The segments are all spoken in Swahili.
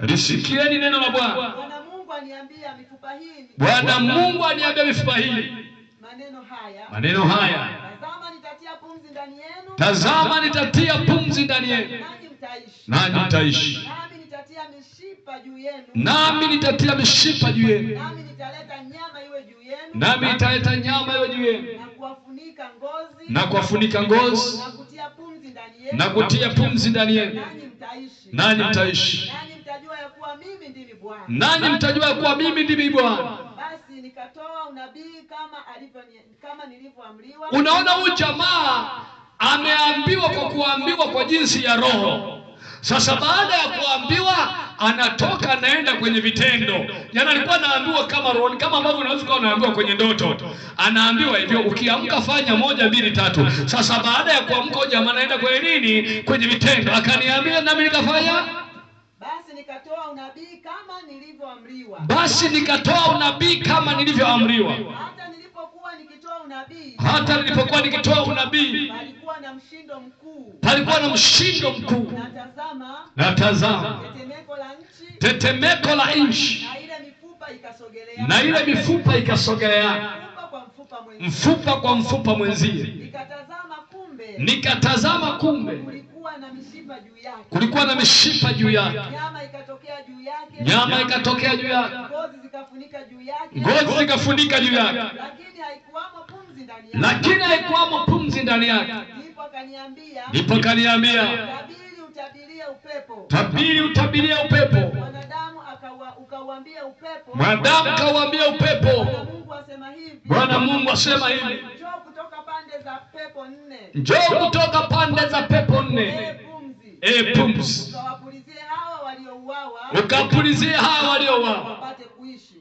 Lisikieni neno la Bwana. Bwana Mungu aniambia mifupa hii, maneno haya, tazama nitatia pumzi ndani yenu, nani nanyi mtaishi, nami nitatia mishipa juu yenu, nami nitatia mishipa juu yenu Nitaleta nyama iwe juu yenu. Nami nitaleta nyama iwe juu yenu. Na kuwafunika ngozi. Na kutia pumzi ndani yenu. nani mtaishi. nani mtajua ya kuwa mimi ndimi Bwana. Unaona huyu jamaa ameambiwa kwa kuambiwa kwa jinsi ya roho. Sasa baada ya kuambiwa anatoka anaenda kwenye vitendo. Jana alikuwa anaambiwa kama roho, kama ambavyo unaweza kuwa unaambiwa kwenye ndoto, anaambiwa hivyo, ukiamka fanya moja, mbili, tatu. Sasa baada ya kuamka, jamaa anaenda kwenye nini? Kwenye vitendo. Akaniambia nami nikafanya nikatoa unabii kama nilivyoamriwa. Basi nikatoa unabii kama nilivyoamriwa. Hata nikitoa unabii, hata nilipokuwa nikitoa unabii, palikuwa na mshindo mkuu, palikuwa na mshindo mkuu. Natazama, natazama tetemeko la nchi, na ile mifupa ikasogelea mfupa kwa mfupa mwenzie. Nikatazama kumbe kulikuwa na mishipa juu yake, nyama ikatokea juu yake, ngozi zikafunika juu yake, lakini haikuwamo pumzi ndani yake. Ndipo kaniambia Tabiri utabirie upepo. Mwanadamu upepo. kauambia upepo. Bwana Mungu asema hivi. Njoo kutoka pande za pepo nne. E pumzi. E ukapulizia hawa waliouawa. Ukapulizie hawa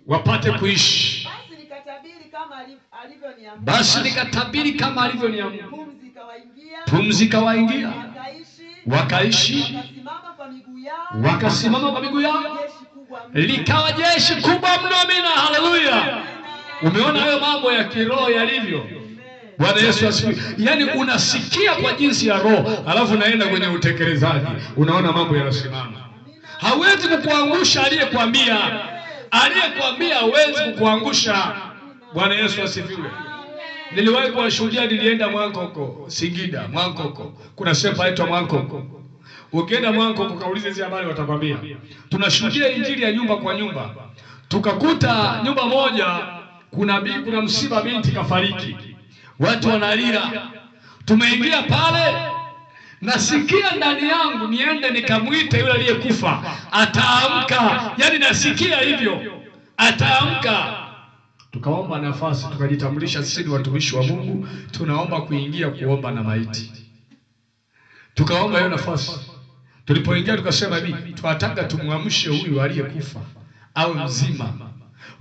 Wapate kuishi. Basi nikatabiri kama alivyo Basi nikatabiri Pumzi Pumzi ikawaingia wakaishi, wakasimama kwa miguu yao, likawa jeshi kubwa mno. Amina, haleluya. Umeona hayo mambo ya kiroho yalivyo. Bwana Yesu asifiwe. Yaani unasikia kwa jinsi ya roho, alafu unaenda kwenye utekelezaji, unaona mambo yanasimama. Hawezi kukuangusha aliyekwambia, aliyekwambia hawezi kukuangusha. Bwana Yesu asifiwe. Niliwahi kuwashuhudia, nilienda Mwankoko, Singida, Mwankoko. Kuna sepa inaitwa Mwankoko. Ukienda Mwankoko kaulize hizi habari watakwambia. Tunashuhudia injili ya nyumba kwa nyumba. Tukakuta nyumba moja kuna bi, kuna msiba binti kafariki. Watu wanalia. Tumeingia pale nasikia ndani yangu niende nikamwite yule aliyekufa, ataamka. Yaani nasikia hivyo, ataamka tukaomba nafasi, tukajitambulisha sisi ni watumishi wa Mungu, tunaomba kuingia kuomba na maiti. Tukaomba hiyo nafasi. Tulipoingia tukasema hivi, tunataka tumwamshe huyu aliyekufa awe mzima.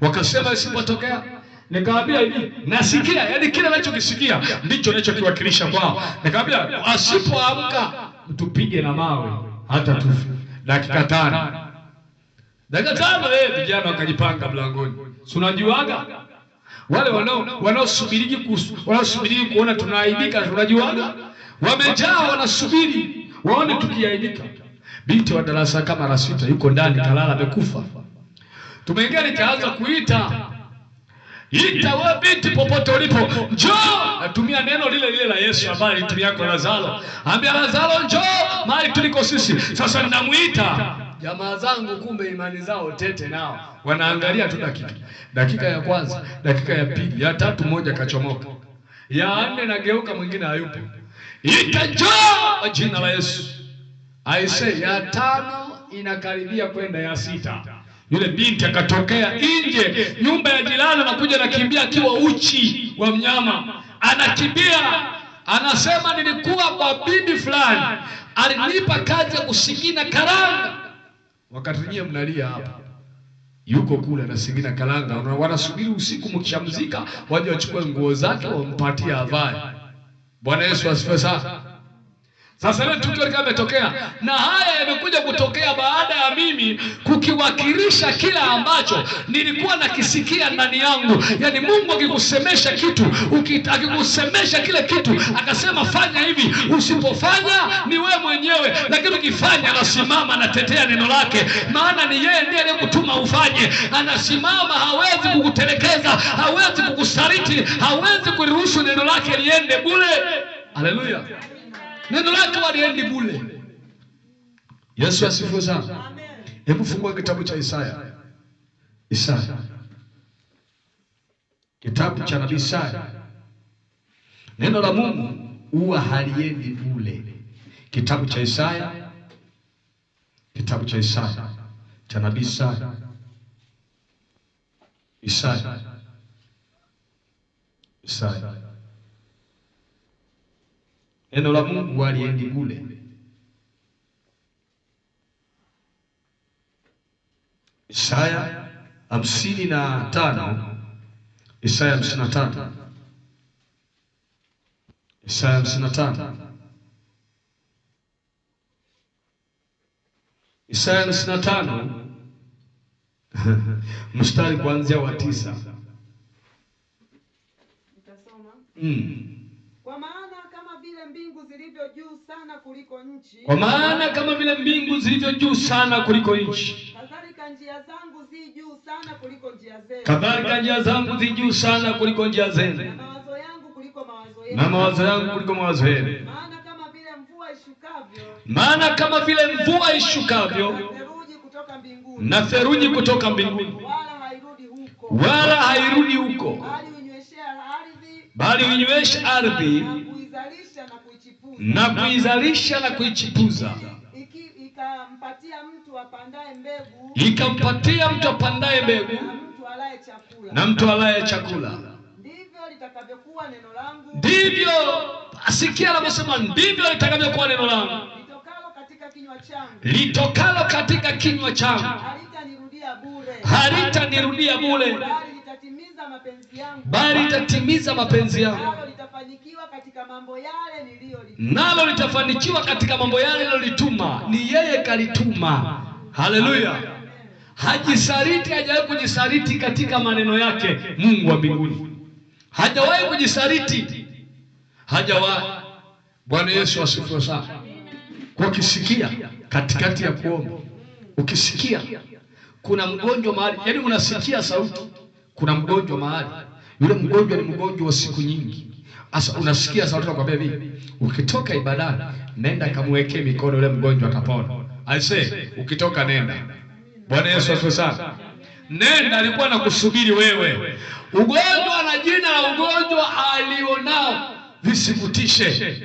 Wakasema isipotokea Nikamwambia hivi, nasikia, yani kile anachokisikia ndicho nachokiwakilisha kwao. Nikamwambia asipoamka mtupige na mawe hata tufe. Dakika tano. Dakika tano eh, vijana wakajipanga mlangoni. Tunajuaga wale wanaosubiri wanaosubiri kuona tunaaibika, tunajuaga wamejaa, wanasubiri waone tukiaibika. Binti wa darasa kama rasita yuko ndani kalala, amekufa. Tumeingia nikaanza kuita ita, wewe binti, popote ulipo njoo. Natumia neno lile lile la Yesu ambaye alitumia kwa Lazaro, ambia Lazaro njoo mahali tuliko sisi. Sasa ninamuita jamaa zangu, kumbe imani zao tete, nao wanaangalia tu dakika dakika ya kwanza, dakika ya pili, ya tatu, moja kachomoka, ya nne nageuka, mwingine hayupo, itajaa jina la Yesu. I say ya tano inakaribia kwenda ya sita, yule binti akatokea nje nyumba ya jirani, anakuja nakimbia akiwa uchi wa mnyama, anakimbia anasema, nilikuwa kwa bibi fulani alinipa kazi ya kusikina karanga wakati nyie mnalia hapa yuko kule na Singina Kalanga, wanasubiri usiku, mkishamzika waje wachukue nguo zake wampatie avae. Bwana Yesu asifiwe sana. Sasa ile tukio lika limetokea, na haya yamekuja kutokea baada ya mimi kukiwakilisha kila ambacho nilikuwa nakisikia ndani yangu. Yani Mungu akikusemesha kitu akikusemesha kile kitu akasema fanya hivi, usipofanya ni wewe mwenyewe, lakini ukifanya anasimama anatetea neno lake, maana ni yeye ndiye aliyekutuma ufanye. Anasimama, hawezi kukutelekeza, hawezi kukusaliti, hawezi kuruhusu neno lake liende bure. Haleluya! Neno lake waliendi bule. Yesu asifiwe sana. Hebu fungua kitabu cha Isaya. Isaya. Kitabu cha nabii Isaya. Neno la Mungu huwa haliendi bule. Kitabu cha Isaya. Kitabu cha Isaya cha nabii Isaya. Isaya. Isaya. Neno la Mungu aliendi kule. Isaya hamsini na tano Isaya hamsini na tano Isaya hamsini na tano Isaya hamsini na tano mstari kuanzia wa tisa. Mm. Kwa maana kama vile mbingu zilivyo juu sana kuliko nchi, kwa maana kama vile mbingu zilivyo juu sana kuliko nchi, kadhalika njia zangu zi juu sana kuliko njia zenu, kadhalika njia zangu zi juu sana kuliko njia zenu, na mawazo yangu kuliko mawazo yenu, na mawazo yangu kuliko mawazo yenu. Maana kama vile mvua ishukavyo, maana kama vile mvua ishukavyo, na theruji kutoka mbinguni, wala hairudi huko, wala hairudi huko, wala hairudi huko bali uinyweshe ardhi na kuizalisha na kuichipuza, ikampatia mtu apandaye mbegu, na mtu alaye chakula. Ndivyo asikia anavyosema, ndivyo litakavyokuwa neno langu litokalo katika kinywa changu, halitanirudia bure bali itatimiza mapenzi yangu, nalo litafanikiwa katika mambo yale nilolituma. Ni yeye kalituma. Haleluya! hajisariti hajawahi kujisariti katika maneno yake. Mungu wa mbinguni hajawahi kujisariti hajawahi. Bwana Yesu asifiwe sana. Kwa ukisikia katikati ya kuomba, ukisikia kuna mgonjwa mahali, yaani unasikia sauti kuna mgonjwa mahali, yule mgonjwa ni mgonjwa wa siku nyingi. Asa unasikia sauti kwa bibi, ukitoka ibadani nenda kamwekee mikono yule mgonjwa atapona. say ukitoka nenda. Bwana Yesu asifiwe sana. Nenda alikuwa anakusubiri wewe. Ugonjwa na jina la ugonjwa alionao visikutishe.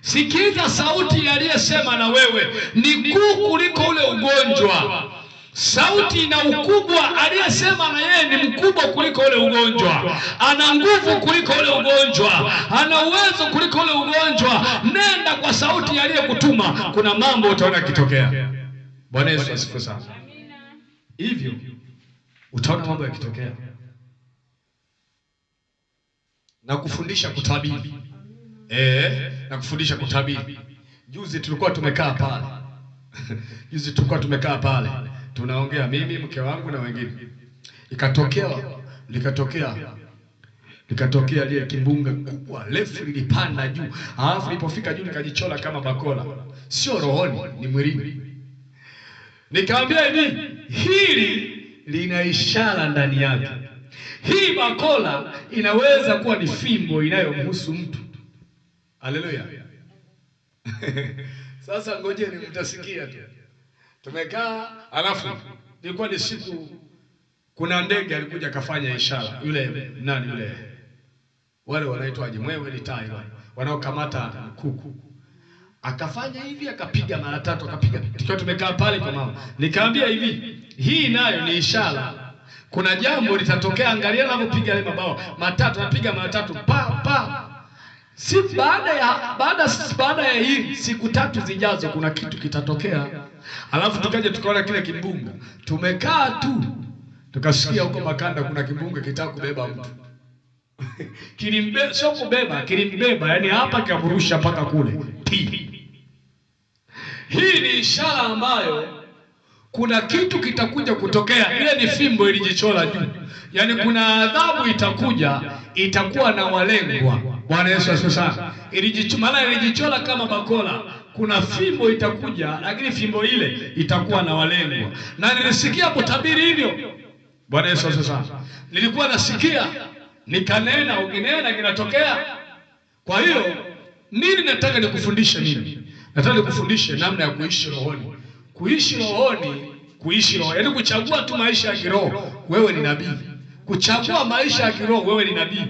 Sikiza sauti aliyesema na wewe, ni kuu kuliko ule ugonjwa sauti na ukubwa aliyesema na yeye ni mkubwa kuliko ule ugonjwa, ana nguvu kuliko ule ugonjwa, ana uwezo kuliko ule ugonjwa. Nenda kwa sauti aliyekutuma, kuna mambo utaona yakitokea. Bwana Yesu asifiwe sana. Hivyo utaona mambo yakitokea na kufundisha kutabiri eh, na kufundisha kutabiri. Juzi tulikuwa tumekaa pale juzi tulikuwa tumekaa pale tunaongea mimi, mke wangu na wengine, ikatokea likatokea likatokea lile kimbunga kubwa refu lilipanda juu, alafu lipofika juu likajichola kama bakola, sio rohoni, ni mwilini. Nikaambia hivi, hili lina ishara ndani yake. Hii bakola inaweza kuwa ni fimbo inayomhusu mtu. Haleluya! Sasa ngoje ni mtasikia tu. Tumekaa alafu ilikuwa ni siku, kuna ndege alikuja akafanya ishara, yule nani yule, wale wanaitwaje, mwewe ni tai wale wanaokamata kuku, akafanya hivi, akapiga mara tatu, akapiga. Tukiwa tumekaa pale kwa mama, nikaambia hivi, hii nayo ni ishara, kuna jambo litatokea. Angalia anavyopiga ile mabao matatu, anapiga mara tatu, pa pa Si baada ya baada baada ya hii siku tatu zijazo kuna kitu kitatokea, alafu tukaja tukaona kile kibunga Tumekaa tu tukasikia huko Makanda kuna kibunga kitaka kubeba mtu kilimbe, sio kubeba, kilimbeba yani hapa kikamrusha mpaka kule Hii ni ishara ambayo kuna kitu kitakuja kutokea. Ile ni fimbo ilijichora juu, yani kuna adhabu itakuja, itakuwa na walengwa Bwana Yesu asifiwe sana. Maana ilijichola kama bakola, kuna fimbo itakuja, lakini fimbo ile itakuwa na walengwa, na nilisikia kutabiri hivyo. Bwana Yesu asifiwe sana. Nilikuwa nasikia nikanena, ukinena kinatokea. Kwa hiyo nini nataka nikufundishe Mimi Nataka nikufundishe namna ya kuishi rohoni, kuishi rohoni, kuishi roho, yaani kuchagua tu maisha ya kiroho, wewe ni nabii. Kuchagua maisha ya kiroho, wewe ni nabii.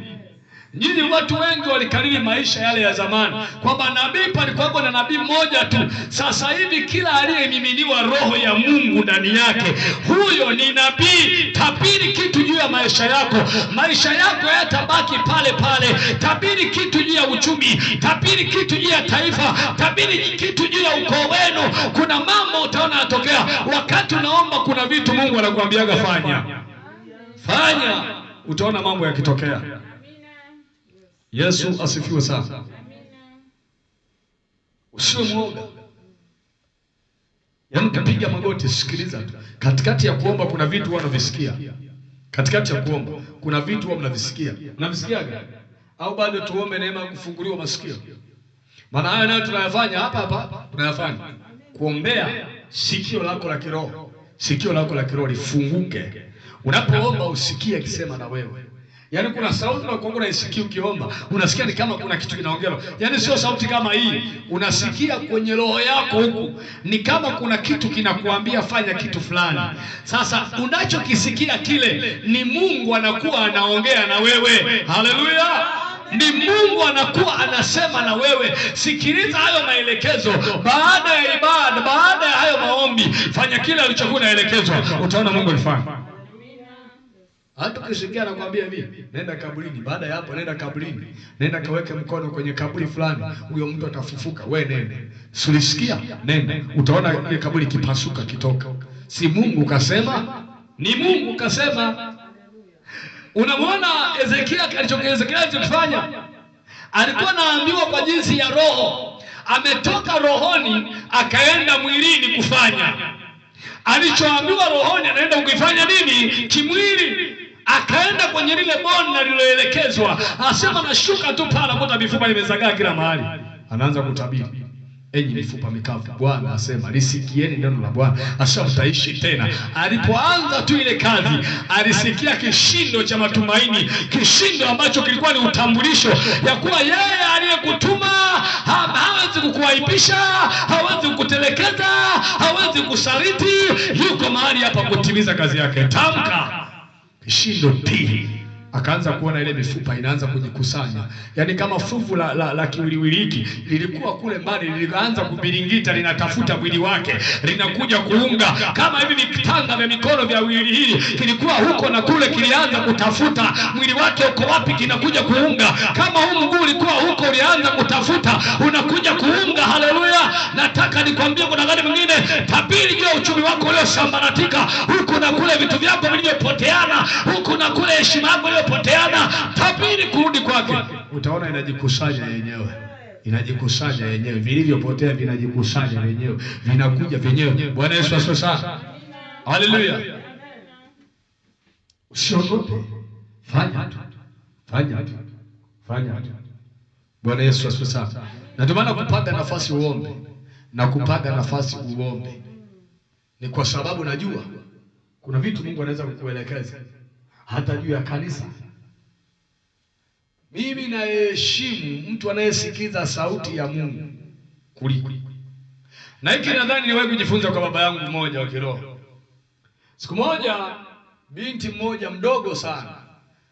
Nyinyi watu wengi walikariri maisha yale ya zamani, kwamba nabii palikuwako na nabii mmoja tu. Sasa hivi kila aliyemiminiwa roho ya Mungu ndani yake, huyo ni nabii. Tabiri kitu juu ya maisha yako, maisha yako hayatabaki pale pale. Tabiri kitu juu ya uchumi, tabiri kitu juu ya taifa, tabiri kitu juu ya ukoo wenu. Kuna mambo utaona yanatokea wakati unaomba. Kuna vitu Mungu anakuambiaga fanya fanya, utaona mambo yakitokea. Yesu asifiwe sana. Usiwe mwoga, yaani kapiga magoti, sikiliza tu. Katikati ya kuomba kuna vitu wanavisikia, katikati ya kuomba kuna vitu mnavisikia. Mnavisikiaga au bado tuombe neema kufunguliwa masikio? Maana haya nayo tunayafanya hapa hapa, tunayafanya kuombea sikio lako la kiroho, sikio lako la kiroho lifunguke, unapoomba usikie akisema na wewe Yaani kuna sauti na unaisikia ukiomba, unasikia ni kama kuna kitu kinaongelewa. Yaani sio sauti kama hii, unasikia kwenye roho yako huku, ni kama kuna kitu kinakuambia fanya kitu fulani. Sasa unachokisikia kile ni Mungu anakuwa anaongea na wewe. Haleluya! ni Mungu anakuwa anasema na wewe. Sikiliza hayo maelekezo baada ya ibada, baada ya hayo maombi, fanya kile alichokuwa naelekezwa, utaona Mungu alifanya. Hata ukishikia anakuambia hivi, nenda kaburini. Baada ya hapo, nenda kaburini, nenda kaweke mkono kwenye kaburi fulani, huyo mtu atafufuka. We nenda, sulisikia? Nenda, utaona ile kaburi kipasuka kitoka. Si Mungu kasema? Ni Mungu kasema. Unamwona Ezekia alichokifanya, alikuwa naambiwa kwa jinsi ya roho, ametoka rohoni akaenda mwilini kufanya alichoambiwa rohoni, anaenda kukifanya nini kimwili akaenda kwenye lile bonde lililoelekezwa, asema nashuka tu pale, nakuta mifupa imezagaa kila mahali, anaanza kutabiri Enyi mifupa mikavu, Bwana asema, lisikieni neno la Bwana, asema mtaishi tena. Alipoanza tu ile kazi, alisikia kishindo cha matumaini, kishindo ambacho kilikuwa ni utambulisho ya kuwa yeye aliyekutuma hawezi kukuaibisha, hawezi kukutelekeza, hawezi kusaliti, yuko mahali hapa kutimiza kazi yake. Tamka a tii akaanza kuona ile mifupa inaanza kujikusanya, yani kama fuvu la, la, la kiwiliwiliki lilikuwa kule mbali, lilianza kubiringita, linatafuta mwili wake, linakuja kuunga kama hivi vitanga vya mikono vya wili hili, kilikuwa huko na kule, kilianza kutafuta mwili wake uko wapi, kinakuja kuunga. Kama huu mguu ulikuwa huko, ulianza kutafuta, unakuja kuunga. Haleluya! Nataka nikwambie, kuna gani mwingine, tabiri juu ya uchumi wako uliosambaratika, huku na kule, vitu vyako vilivyopoteana, huku na kule, heshima yako tumepoteana, tabiri kurudi kwake, utaona inajikusanya yenyewe inajikusanya yenyewe, vilivyopotea vinajikusanya vyenyewe, vinakuja vyenyewe. Bwana Yesu asifiwe sana, haleluya. Usiogope, fanya tu, fanya tu, fanya tu. Bwana Yesu asifiwe sana. Na ndio maana kupaga nafasi uombe na kupaga nafasi uombe ni kwa sababu najua kuna vitu Mungu anaweza kukuelekeza hata juu ya kanisa. Mimi naheshimu mtu anayesikiza sauti ya Mungu kuliko na hiki nadhani niwahi kujifunza kwa baba yangu mmoja wa kiroho. Siku moja binti mmoja mdogo sana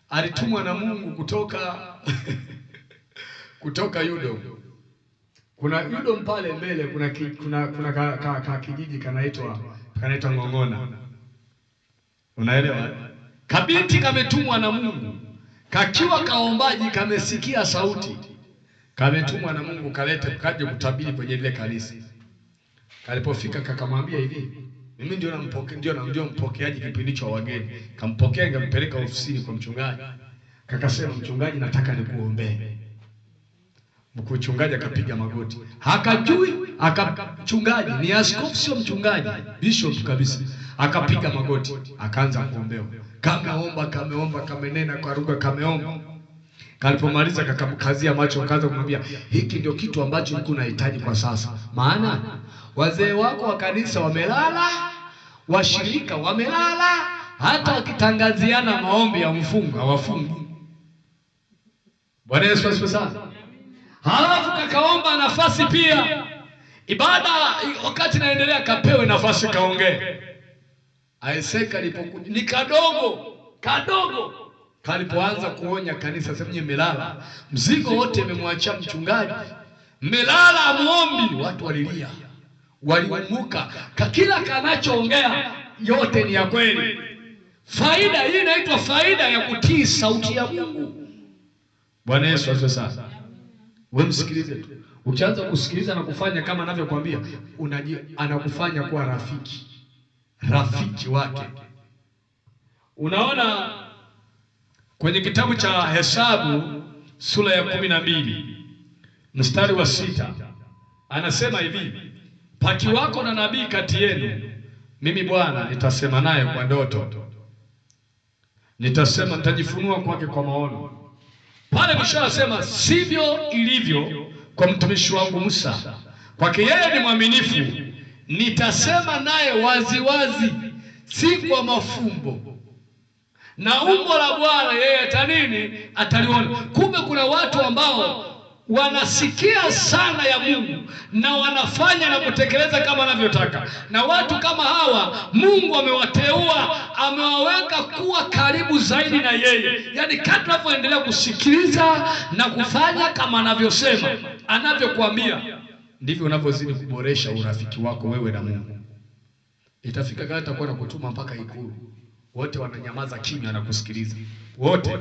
alitumwa na Mungu kutoka kutoka Yudo. Kuna Yudo pale mbele kuna ki, kuna, kuna ka, ka, ka kijiji kanaitwa kanaitwa Ng'ong'ona, unaelewa? Kabinti kametumwa na Mungu, kakiwa kaombaji, kamesikia sauti, kametumwa na Mungu, kalete kaje kutabiri kwenye ile kanisa. Kalipofika kakamwambia hivi, mimi ndio nampokea, ndio namjua mpokeaji kipindi cha wageni. Kampokea, kampeleka ofisini kwa mchungaji, kakasema, mchungaji, nataka nikuombee. Mchungaji akapiga magoti, hakajui akachungaji ni askofu, sio mchungaji, bishop kabisa, akapiga magoti, akaanza kuombewa. Kameomba, kameomba, kamenena kwa lugha, kameomba. Kalipomaliza kakamkazia macho, kaanza kumwambia hiki ndio kitu ambacho mkuu unahitaji kwa sasa, maana wazee wako wa kanisa wamelala, washirika wamelala, hata wakitangaziana maombi ya mfungo hawafungi. Bwana Yesu asifiwe sana. Halafu kakaomba nafasi pia ibada, wakati naendelea, kapewe nafasi kaongee Isaka alipokuja ni kadogo kadogo, kalipoanza kuonya kanisa, sema melala mzigo wote imemwachia mchungaji, melala muombi. Watu walilia, waliumuka, kila kanachoongea yote ni ya kweli. Faida hii inaitwa faida ya kutii sauti ya Mungu. Bwana Yesu asifiwe sana. Wewe msikilize tu, ukianza kusikiliza na kufanya kama anavyokuambia, anakufanya kuwa rafiki rafiki wake. Unaona kwenye kitabu cha Hesabu sura ya kumi na mbili mstari wa sita anasema hivi, pakiwako na nabii kati yenu, mimi Bwana nitasema naye kwa ndoto, nitasema nitajifunua kwake kwa maono. Pale mwisho anasema sivyo ilivyo kwa mtumishi wangu Musa, kwake yeye ni mwaminifu nitasema naye waziwazi, si kwa mafumbo, na umbo la Bwana yeye atanini ataliona. Kumbe kuna watu ambao wanasikia sana ya Mungu na wanafanya na kutekeleza kama anavyotaka. Na watu kama hawa Mungu amewateua, amewaweka kuwa karibu zaidi na yeye, yaani kadri unavyoendelea kusikiliza na kufanya kama anavyosema, anavyokuambia ndivyo unavyozidi kuboresha urafiki wako wewe na Mungu. Itafika gani atakuwa anakutuma mpaka Ikulu, wote wananyamaza kimya na kusikiliza wote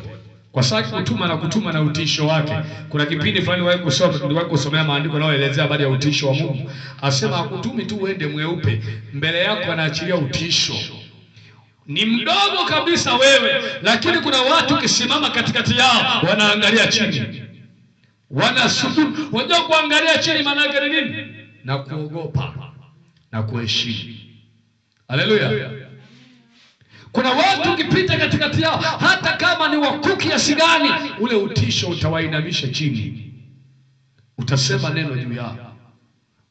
kwa sababu kutuma na kutuma na utisho wake. Kuna kipindi fulani wewe kusoma niliwahi kusomea maandiko elezea habari ya utisho wa Mungu, asema akutumi tu uende mweupe, mbele yako anaachilia utisho ni mdogo kabisa wewe, lakini kuna watu ukisimama katikati yao wanaangalia chini wanashukuru. Wajua kuangalia chini maana yake ni nini? Na kuogopa na kuheshimu. Haleluya! Kuna watu ukipita katikati yao, hata kama ni wakuki ya sigani, ule utisho utawainamisha chini, utasema neno juu yao.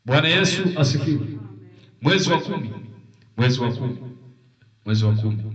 Bwana Yesu asifiwe. Mwezi wa kumi, mwezi wa kumi, mwezi wa kumi